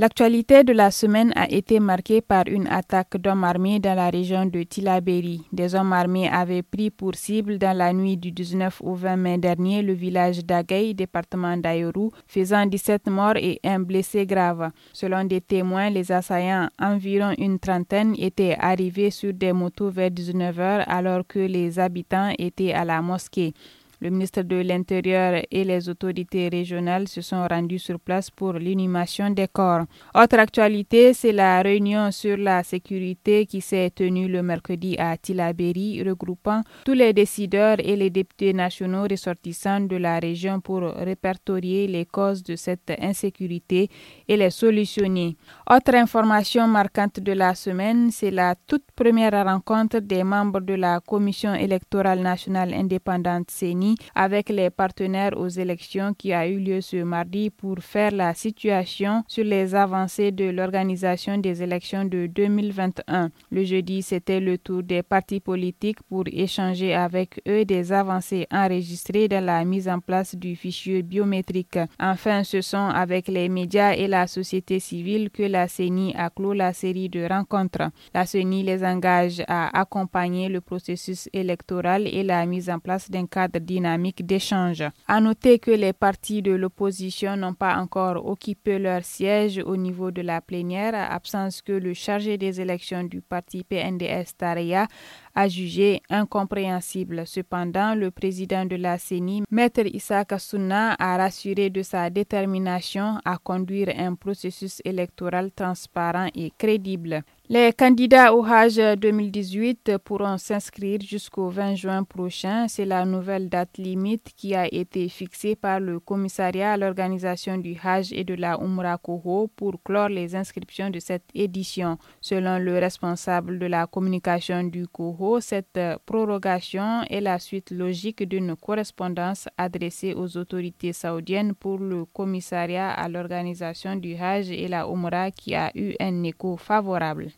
L'actualité de la semaine a été marquée par une attaque d'hommes armés dans la région de Tilaberi. Des hommes armés avaient pris pour cible dans la nuit du 19 au 20 mai dernier le village d'Agay, département d'Ayoru, faisant 17 morts et un blessé grave. Selon des témoins, les assaillants, environ une trentaine, étaient arrivés sur des motos vers 19h alors que les habitants étaient à la mosquée. Le ministre de l'Intérieur et les autorités régionales se sont rendus sur place pour l'inhumation des corps. Autre actualité, c'est la réunion sur la sécurité qui s'est tenue le mercredi à Tilaberi, regroupant tous les décideurs et les députés nationaux ressortissants de la région pour répertorier les causes de cette insécurité et les solutionner. Autre information marquante de la semaine, c'est la toute première rencontre des membres de la Commission électorale nationale indépendante CENI avec les partenaires aux élections qui a eu lieu ce mardi pour faire la situation sur les avancées de l'organisation des élections de 2021. Le jeudi, c'était le tour des partis politiques pour échanger avec eux des avancées enregistrées dans la mise en place du fichier biométrique. Enfin, ce sont avec les médias et la société civile que la CENI a clos la série de rencontres. La CENI les engage à accompagner le processus électoral et la mise en place d'un cadre d'innovation dynamique d'échange. À noter que les partis de l'opposition n'ont pas encore occupé leur siège au niveau de la plénière, absence que le chargé des élections du parti PNDS Taria a jugé incompréhensible. Cependant, le président de la CENI, Maître Issa Kassouna, a rassuré de sa détermination à conduire un processus électoral transparent et crédible. Les candidats au Hajj 2018 pourront s'inscrire jusqu'au 20 juin prochain. C'est la nouvelle date limite qui a été fixée par le commissariat à l'organisation du Hajj et de la Oumra Koho pour clore les inscriptions de cette édition. Selon le responsable de la communication du Koho, cette prorogation est la suite logique d'une correspondance adressée aux autorités saoudiennes pour le commissariat à l'organisation du Hajj et la Oumra qui a eu un écho favorable.